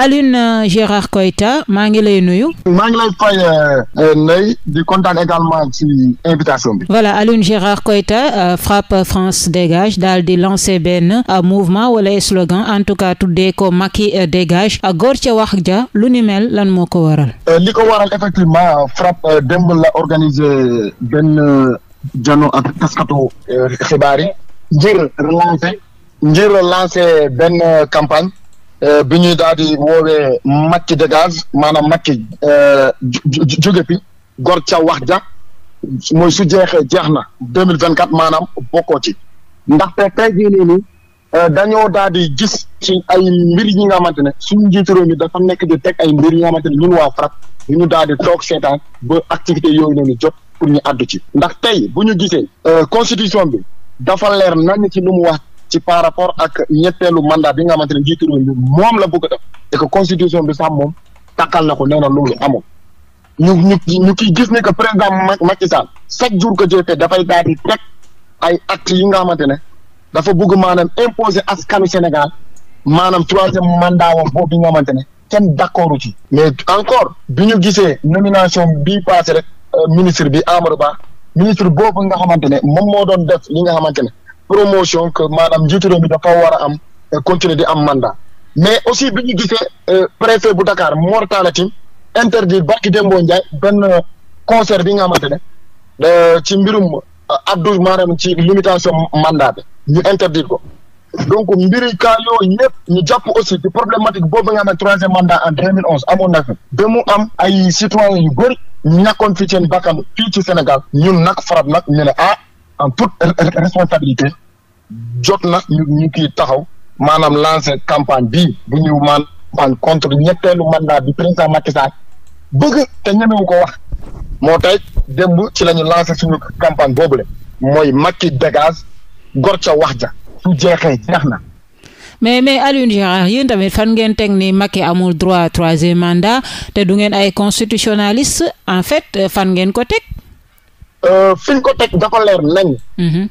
Alioune euh, Gérard Koita maa ngi lay nuyu. maa ngi lay fay euh, euh, Ndeye di kontaan également ci invitation bi. voilà Gérard Koita FRAPP France dégage daal di lancer benn mouvement wala slogan en tout cas tuddee ko Macky dégage góor ca wax ja lu ni mel lan moo ko waral. li ko waral effectivement FRAPP démb la organiser benn jano ak taskatu xibaar yi. ngir relancer. ngir benn campagne. Euh, bi ñuy daal di woowee Macky dégage maanaam Macky euh, jóge fi gor ca wax ja mooy su jeexee jeex na deux mille vingt quatre maanaam bokkoo ci ndaxte tey jii nii euh, dañoo daal di gis ci ay mbir ñi nga xamante ne suñu njiitu réew mi dafa nekk di teg ay mbir yi nga xamante ne ñun waa FRAPP du ñu daal di toog seetaan ba activité yooyu noonu jot pour ñu àddu ci ndax tey bu ñu gisee constitution bi dafa leer nañ ci lu mu wax ci par rapport ak ñetteelu mandat bi nga xamante ne njiitu réew mi moom la bëgg a def et constitution bi sax moom takkal na ko nee na loolu amul ñu ñu ñu kiy gis ni que président Macky Sall chaque jour que jotee dafay daal di teg ay actes yi nga xamante ne dafa bëgg maanaam imposer kanu Sénégal maanaam troisième mandat wam boobu nga xamante ne kenn d'accordu ci mais encore bi ñu gisee nomination bi passé rek euh, ministre bi Amadou Ba ministre boobu nga xamante ne moom moo doon def li nga xamante ne promotion que maanaam njiitu réew mi dafa war a am euh, continuer di am mandat mais aussi bi ñu gisee euh, préfet bu Dakar Mor Talla Tine interdire barki Dembo Ndiaye benn euh, concert bi nga xamante ne ci mbirum addu maanaam ci limitation mandat bi ñu interdire ko donc mbiri cas yooyu yëpp ñu jàpp aussi ci problématique boobu nga xam ne troisième mandat en deux mille onze amoon na fi ba mu am ay citoyens yu bëri ñàkkoon fi seen bakkan ci Sénégal ñu nag FRAPP nag ñu ne ah en tout responsabilité jot na ñu ñu taxaw maanaam lancer campagne bi bu ñu maanaam contre ñetteelu mandat bi président Macky Sall bëgg te ñemewu ko wax moo tey démb ci la lance lancer suñu campagne le mooy Macky dégage gor ca wax ja su jeexee jeex na. mais mais Alioune Gérard yéen tamit fan ngeen teg ni Macky amul droit troisième mandat te du ngeen ay constitutionnaliste en fait fan ngeen ko teg. Euh, fi ñu ko teg dafa leer nañ. Mhm.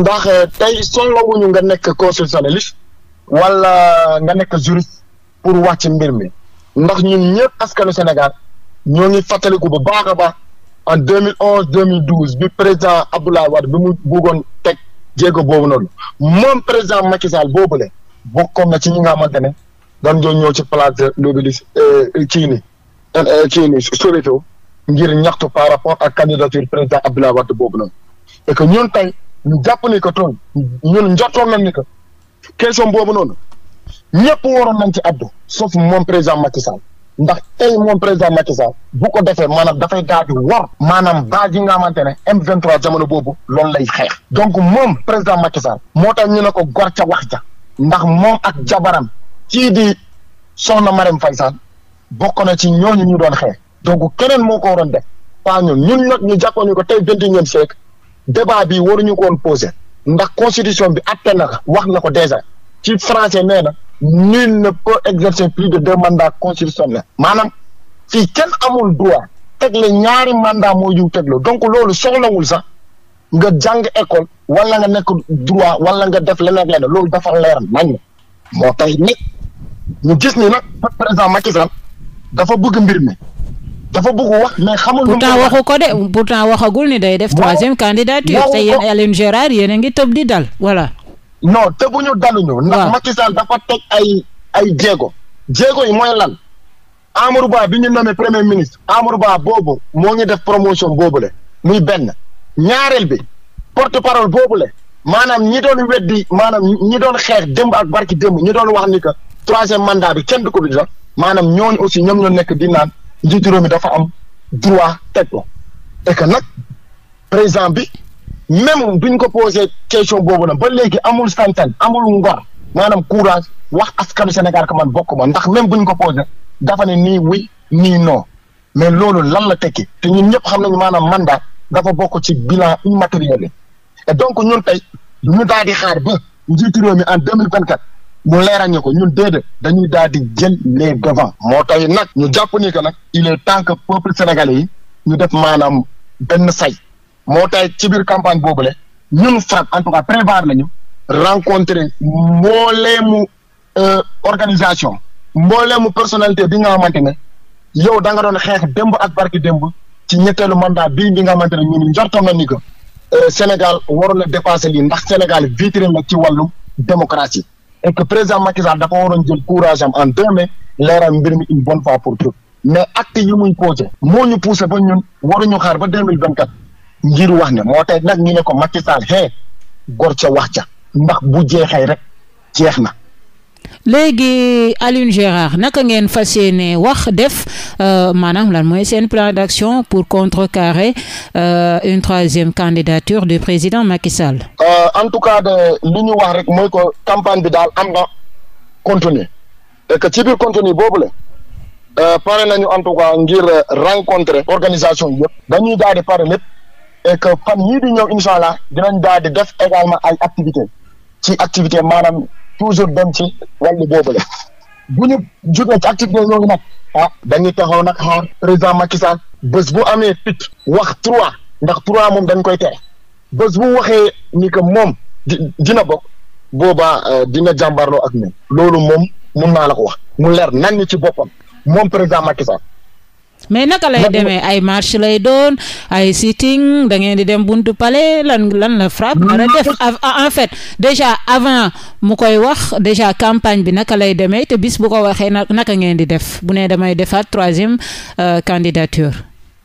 ndax euh, tey soxlawuñu nga nekk constitutionnaliste wala nga nekk juris pour wàcc mbir mi ndax ñun ñëpp askanu Sénégal ñoo ngi fàttaliku bu baax a baax en deux mille onze deux douze bi président Abdoulaye Wade bi mu bëggoon teg jéego boobu noonu moom président Macky Sall boobule bokkoon na ci ñi nga xamante ne dañ doon ñëw ci place de l'Obélisque euh, kii nii kii ngir ñaxtu par rapport ak candidature président Abdoulaye Wade boobu noonu et que ñun tey ñu jàpp ni que toon ñun njortoon nañ ni que question boobu noonu ñëpp waroon nañ ci addu sauf moom président Macky Sall ndax tey moom président Macky Sall bu ko defee maanaam dafay daal di war maanaam yi nga xamante ne M23 boobu loolu lay xeex donc moom président Macky Sall moo tax ñu ne ko gor ca wax ja ndax moom ak jabaram cii di soxna Marème fay Sall bokk na ci ñooñu ñu doon xeex donc keneen moo ko waroon def pas ñun ñun ñu jàppoon ñu ko tey vingt et unième siècle débat bi waruñu ko woon posé ndax constitution bi atte na wax na ko déjà ci français nee na nul ne peut exercer plus de deux mandats constitutionnels maanaam fii kenn amul droit tegle ñaari mandat moo jiw tegloo donc loolu soxlawul sax nga jàng école walla nga nekk droit wala nga def leneen leneen loolu dafa leeral nañ moo tey nit ñu gis ni nag président Macky Sall dafa bëgg mbir mi dafa bëgg wax mais xamul. pourtant waxu ko de pourtant waxagul ni day def. troisième candidature te yéen Alioune Gérard yéen a ngi tëb di dal voilà. non tëbuñu daluñu. ndax Macky Sall dafa teg ay ay jéego. jéego yi mooy lan Amadou Ba bi ñu nommé premier ministre Amadou Ba boobu moo ngi def promotion boobule muy benn ñaareel bi porte parole boobule maanaam ñi doon weddi maanaam ñi doon xeex démb ak barki démb ñi doon wax ni que troisième mandat bi kenn du ko bi sax maanaam ñooñu nekk di naan. njiitu réew mi dafa am droit teg ko et nag nag président bi même duñ ko posé question boobu nag ba léegi amul santan amul ngor maanaam courage wax askanu Sénégal que man bokk ma ndax même buñ ko posé dafa ne nii wuy nii non mais loolu lan la tekki te ñu ñëpp xam nañu maanaam mandat dafa bokk ci bilan immatériel et donc ñun tey ñu daal di xaar ba njiitu réew mi en deux mille vingt mu leeral ñu ko ñun déedéet dañuy daal di jël les devants moo tay nag ñu jàpp ni que nag il est temps que peuple sénégalais yi ñu def maanaam benn say moo tax ci biir campagne boobule ñun FRAPP en tout cas prévoir nañu rencontrer mbooleemu euh, organisation mbooleemu personnalité bi nga xamante ne yow da nga doon xeex démb ak barki démb ci ñetteelu mandat bii bi nga xamante ne ñun njortoon na ni ko euh, Sénégal waroon na dépasser lii ndax Sénégal vitrine la ci wàllu démocratie et que président Macky Sall dafa waroon jël courage am en deux mai leeral mbir mi une bonne fois pour toutes mais acte yi muy posé moo ñu poussé ba ñun waruñu xaar ba deux mille vingt quatre ngir wax ne moo tey nag ñu ne ko Macky Sall hee gor ca wax ca ndax bu jeexee rek jeex na. léegi Alioune Gérard naka ngeen fas yéene wax def euh, maanaam lan mooy seen plan d'action pour contrecarrer euh, une troisième candidature du président Macky Sall. Euh, en tout cas de li ñu wax rek mooy ko campagne bi daal am na contenu et que ci biir contenu boobu la pare nañu en tout cas ngir rencontrer organisation yëpp dañuy daal di pare lépp et que fan yii di ñëw incha allah dinañ daal di def également ay activités ci activité maanaam. toujours dem ci wàllu boobu la bu ñu jógee ci activité yooyu nag ah dañuy taxaw na xaar président Macky Sall bés bu amee fit wax trois ndax trois moom dañ koy tere bés bu waxee ni que moom di dina bokk boobaa euh, dina jàmbarloo ak ñun loolu moom mun naa la ko wax mu leer nañ ci boppam moom président Macky mais naka lay demee ay marche lay doon ay sitting dangeen di dem bunt palais lan lan la frappe dara ah, en fait déjà avant mu koy wax déjà campagne bi naka lay demee te bis bu ko waxee naka ngeen di def bu ne damay defaat troisième euh, candidature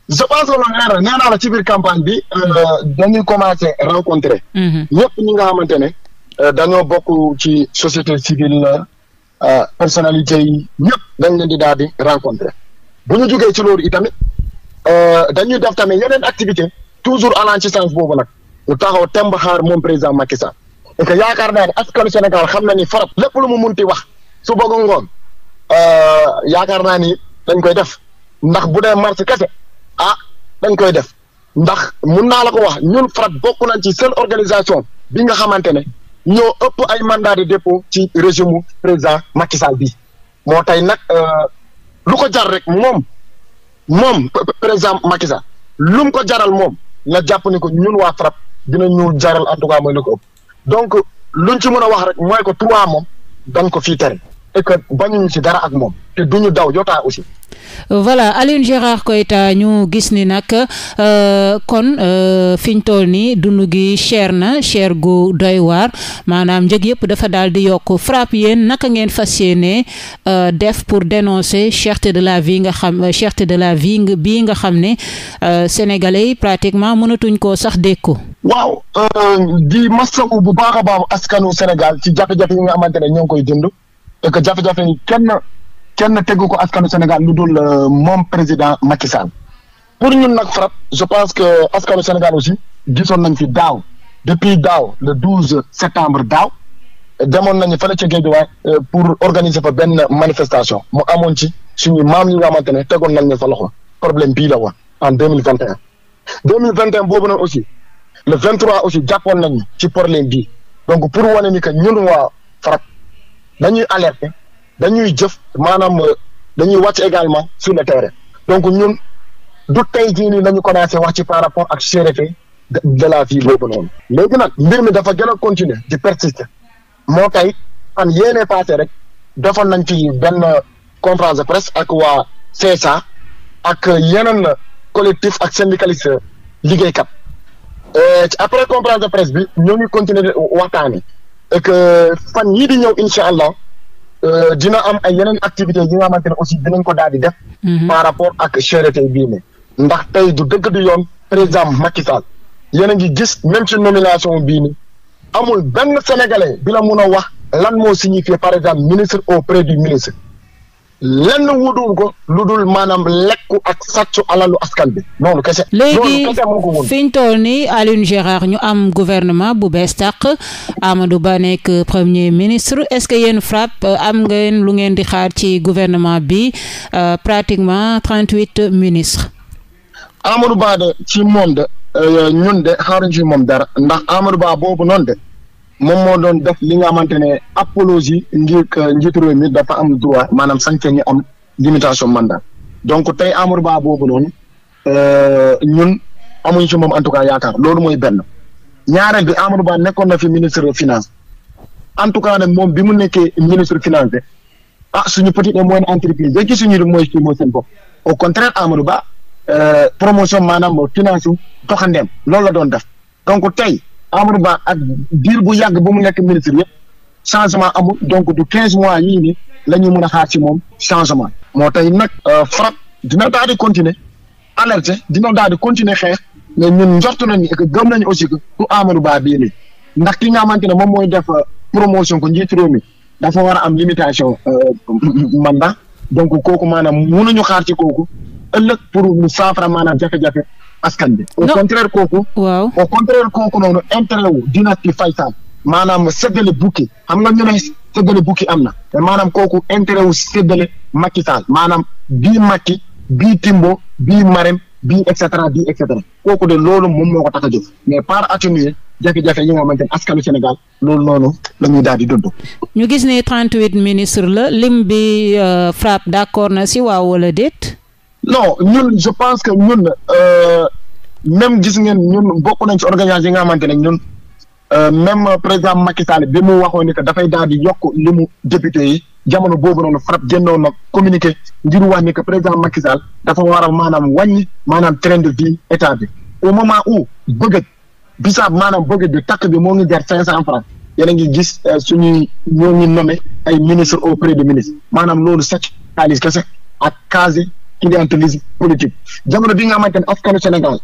je la ci biir campagne bi euh, dañuy commencer rencontrer ñëpp mm-hmm. ñi nga xamante ne euh, dañoo bokk ci société civile la yi ñëpp dañ leen di daal di rencontrer bu ñu jugee ci loolu itamit euh, dañuy def tamit yeneen activité toujours allant ci sens boobu nag ñu taxaw temb moom président Macky e et que yaakaar naa ne askanu Sénégal xam na ni farab lépp lu mu munti wax su bëgg ngoon euh, yaakaar naa ni dañ koy def ndax bu dee marché kese ah dañ koy def ndax mun naa la ko wax ñun FRAPP bokk nañ ci seen organisation bi nga xamante ne ñoo ëpp ay mandat de dépôt ci régime président Macky bi moo tey nag euh, lu ko jar rek moom moom par exemple Macky Sall ko jaral moom na jàpp ni ko ñun waa FRAPP dina ñu jaral en tout cas mooy lu ko ëpp donc luñ ci mën a wax rek mooy ko trois moom dañ ko fii tere et que bañuñu ci dara ak moom te duñu daw jotaa aussi. voilà Alioune Gérard Koita ñu gis ni nag euh, kon euh, fi ñu toll nii dund gi cher na cher gu doy waar maanaam njëg yëpp dafa daal di yokk frapp yéen naka ngeen fas yéene euh, def pour dénoncer cherté de la vie nga xam euh, cherté de la vie bii nga xam ne euh, sénégalais pratiquement mënatuñ ko sax dékku. waaw euh, di masawu bu baax a askanu Sénégal ci jafe-jafe yi nga koy dund. et que jafe-jafe yi kenn kenn tegu ko askanu Sénégal lu dul euh, moom président Macky Sall pour ñun nag FRAPP je pense que askanu Sénégal aussi gisoon nañ fi daaw depuis daaw le douze septembre daaw demoon nañu fële ca Guédiawaye euh, pour organiser fa benn manifestation mu amoon ci suñu maam yi nga xamante ne tegoon nañ ne fa loxo problème bii la woon en deux mille vingt et un deux mille vingt aussi le vingt trois aussi jàppoon nañu ci problème bii donc pour wane ñun waa dañuy alerter dañuy jëf maanaam euh, dañuy wàcc également sur le terrain donc ñun du tey jii nii nañu commencé wax ci par rapport ak cherté de la vie boobu noonu. léegi nag mbir mi dafa gën a continuer di persister moo tey fan yéenee passé rek defoon nañ fi benn conférence de presse ak waa CSA ak yeneen collectif ak syndicaliste liggéeykat ci euh, après conférence de presse bi ñoo ngi continuer waxtaan yi et que fan yii di ñëw incha allah euh, dina am ay yeneen activités yi nga xamante ne aussi dinañ ko daal di def. Mhm. par rapport ak charité bii ne ndax tey du dëgg du yoon président Macky Sall yéen a ngi gis même ci nomination bii ni amul benn senegale bi la mun wax lan moo signifié par exemple ministre auprès du ministre. lenn wutuwul ko lu dul maanaam lekku ak sàccu alalu askan bi noonu kese. léegi fi ñu toll nii Alioune Gérard ñu am gouvernement bu bees tàq Amadou Ba nekk premier ministre est-ce que yéen FRAPP euh, am ngeen lu ngeen di xaar ci gouvernement bi euh, pratiquement trente-huit ministres. Amadou Ba de ci moom de euh, ñun de xaaruñ ci moom dara ndax Amadou Ba boobu noonu de. moom moo doon def li nga xamante ne apologie ngir njiitu réew mi dafa am droit maanaam sañ-sañ ñu am man mandat donc tey Amadou Ba boobu noonu euh, ñun amuñ ci moom en tout cas yaakaar loolu mooy benn ñaareel bi Amadou Ba nekkoon na fi ministre finance en tout cas nag moom bi mu nekkee ministre finance de ah suñu petite et moyenne entreprise yëg ci suñu mooy ci mooy seen bopp au contraire Amadou Ba euh, promotion maanaam finance su toxandeem loolu la doon def donc tey. Amadou Ba ak diir bu yàgg ba mu nekk ministre yëpp changement amul donc du quinze mois yii nii la ñu mën a xaar ci moom changement. moo tey nag euh, FRAPP dina daal di continuer alerter dina daal di continuer xeex mais ñun njortu nañ ni que gëm nañu aussi que du Ba bii nii ndax ki nga xamante ne moom mooy def euh, promotion ko njiitu réew mi dafa war a am limitation euh, mandat donc kooku maanaam ñu xaar ci kooku ëllëg pour mu saafara maanaam jafe-jafe. askan bi. au contraire kooku. waaw au contraire kooku noonu intérêt wu dynastie Faye Sall maanaam séddale bukki xam nga ñu ne séddale bukki am na te maanaam kooku intérêt wu séddale Macky Sall maanaam bii Macky bii Timbo bii Marème bii et cetera bii et cetera kooku de loolu moom moo ko tax a jóg mais par atténuer jafe-jafe yi nga xamante ne askanu Sénégal loolu noonu la daal di dund. ñu gis ne 38 ministres la lim bi euh, FRAPP d'accord na si waaw wala déet. même gis ngeen ñun bokk nañ ci organisation yi nga xamante ne ñun euh, même euh, président Macky Sall bi mu waxoon ni que dafay daal di yokk li mu député yi jamono boobu noonu FRAPP génnoon na communiqué ngir wax ni que président Macky Sall dafa waral maanaam wàññi maanaam train de vie état bi au moment où bëgg bisaab maanaam bëgg bi takk bi moo ngi jar cinq cent francs yéen a ngi gis euh, suñuy ñoo ngi nommé ay ministre auprès du ministre maanaam loolu sàcc xaalis kese ak case clientélisme politique jamono bi nga xamante ne askanu Sénégal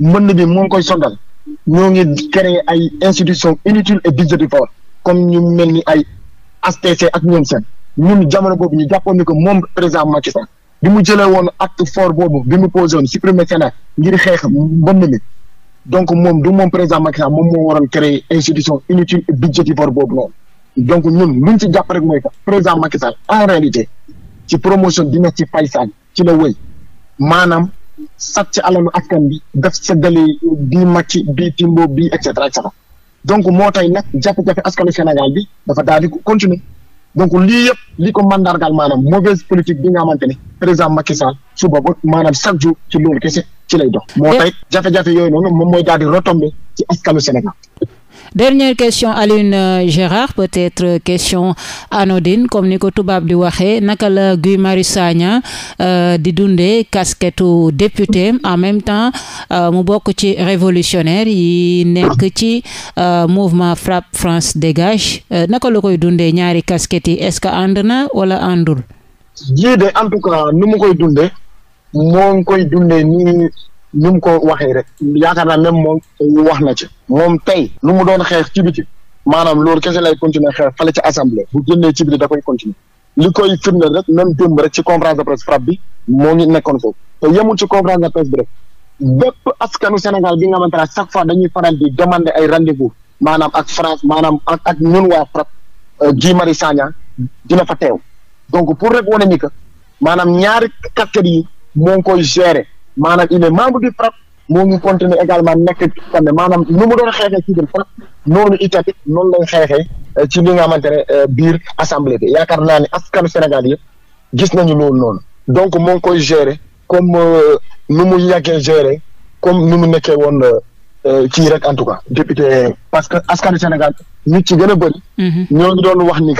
mbënd bi moo ngi koy sondal ñoo ngi créer ay institutions inutiles et budgétivores comme ñu mel ni ay ASTC ak ñoom seen ñun jamono boobu ñu jàppoon ni que moom présent Macky Sall bi mu jëlee woon acte fort boobu bi mu posé woon supprimer Sénat ngir xeex mbënd mi donc moom du moom président Macky Sall moom moo waroon créer institution inutile et budgétivore boobu noonu donc ñun luñ ci jàpp rek mooy que président Macky Sall en réalité ci promotion ci Faye Sall ci la wéy maanaam sac ci alalu askan bi def seddale bii màcc bii timbo bii et cetera et cetera donc moo tey nag jafe-jafe askanu Sénégal bi dafa daal di continuer donc lii yëpp li ko mandargaal maanaam mauvaise politique bi nga xamante ne président Macky Sall suba ba maanaam chaque jour ci loolu kese ci lay dox. moo tey jafe-jafe yooyu noonu moom mooy daal di retombé ci askanu Sénégal. dernière question Alioune euh, Gérard peut-être euh, question anodine comme ni ko tubaab di waxee naka la Guy Marius Sagna euh, di dundee kasketu député en même temps mu bokk ci révolutionnaire yi nekk ci mouvement FRAPP France dégage naka la koy dundee ñaari kasket yi est-ce que ànd na wala àndul. jii en tout cas nu mu koy dundee moo ngi koy dundee nii ni mu ko waxee rek yaakaar naa même moom wax na ci moom tey lu mu doon xeex ci biti maanaam loolu kese lay continuer xeex fale ci assemblée bu génnee ci biti da koy continuer li koy firndeel rek même démb rek ci conférence de presse frappe bi moo ngi nekkoon foofu te yemul ci conférence de presse bi rek bépp askanu Sénégal bi nga xamante ne chaque fois dañuy faral di demander ay rendez maanaam ak France maanaam ak ak ñun waa frappe euh, Guy Marius Sagna dina fa teew donc po rek wane ni que maanaam ñaari casquette yi moo ngi koy gérer. maanaam il est membre du FRAPP moo ngi continuer également nekk ci tamit maanaam nu mu doon xeexee ci biir FRAPP xeexee euh, ci li nga xamante ne euh, biir assemblée bi yaakaar naa ne askanu Sénégal yëpp gis nañu loolu noonu donc moo ngi koy gérer comme euh, nu mu yàggee gérer comme nu mu nekkee woon kii rek en tout cas député parce que askanu Sénégal nit ci gën a bëri. Mm-hmm. ñoo doon wax ni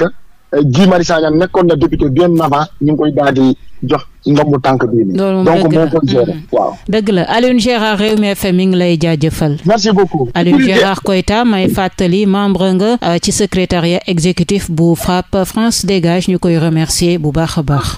Euh, Guy Marius Sagna nekkoon na député bien avant ñu jox ndombu tànk bii nii. donc moo koy gérer mm-hmm. waaw. la Alioune Gérard Rewmi FM mi ngi lay jaajëfal. merci beaucoup. Alioune Gérard Koita fàttali membre nga euh, ci secrétariat exécutif bu FRAPP France Dégage ñu koy remercier bu baax a baax.